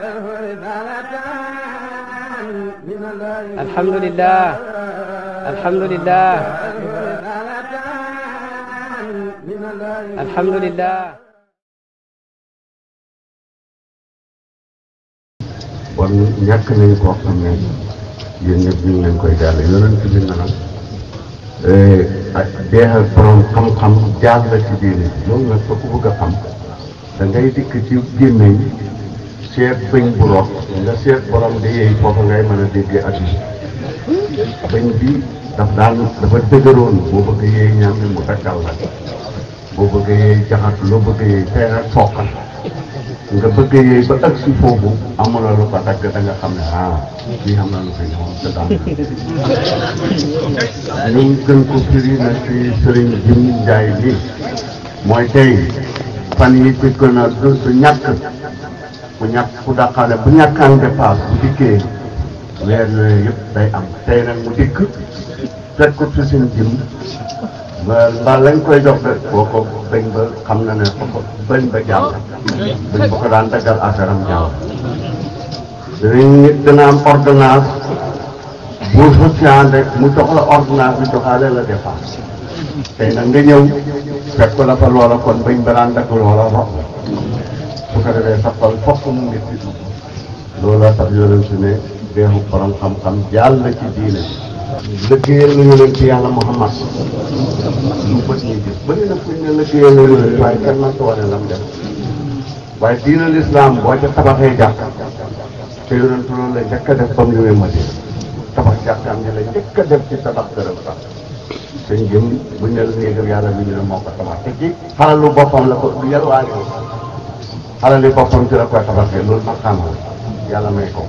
alhamdulilah alhamdulilah alhamdulilah. kon ñàkk nañ koo xam ne yéen ñëpp ñu ngi leen koy jàll yonent bi na eh, ak jeexal borom xam-xam jaar la ci diine loolu nag fa ku bëgg a xam da ngay dikk ci gémmiñ seet bëñ bu rot nga seet borom di yeey ngay mën a déggee ak yi bi daf daan dafa dëgëroon boo bëgg yeey ñam mu takkal la boo bëgg yeey jaxat loo bëgg yeey tey nag foqal nga bëgg yeey ba ak si foofu amuloo lu ko dagg da nga xam ne ah fii ñu gën ko firi nag ci sëriñ bi Njaay bi mooy tey fan yi ci gën a du ñàkk bu ñàkk bu dàqaale bu ñàkkaan dépasse bu dikkee weer yooyu yëpp day am tey nag mu dikk fekk ko ci suñu jëm ba mbaa lañ koy jox rek boo ko bañ ba xam na ne ko ko bañ ba jàll bañ ba ko daan daggal affaire am jàll danañ nit dana am ordonnance boo soccaan mu jox la ordonnance bi joxaale la dépasse tey nag nga ñëw fekk ko la fa loola kon bañ ba daan dagg loola rox bu ko defee sa xol fokk mu métti dugg loolaa tax yonent ne deexu borom xam-xam jàll na ci diine lëggéeyal na yonent yàlla Muhammad lu bët ñuy gis bëri na fuñ ne lëggéeyal na yonent waaye kenn man ko wane lam def waaye diina lislaam boo ca tabaxee jàkk te yonent loolu la njëkk a def ba mu ñëwee Madina tabax jàkkaam ñi la njëkk a def ci tabax dërëm sax te njëm bu ñu ne la néegam yàlla bi ñu ne moo ko tabax te ci xalalu boppam la ko du yalwaane alali boppam ci la koy tabaxee loolu nag xam yàlla may ko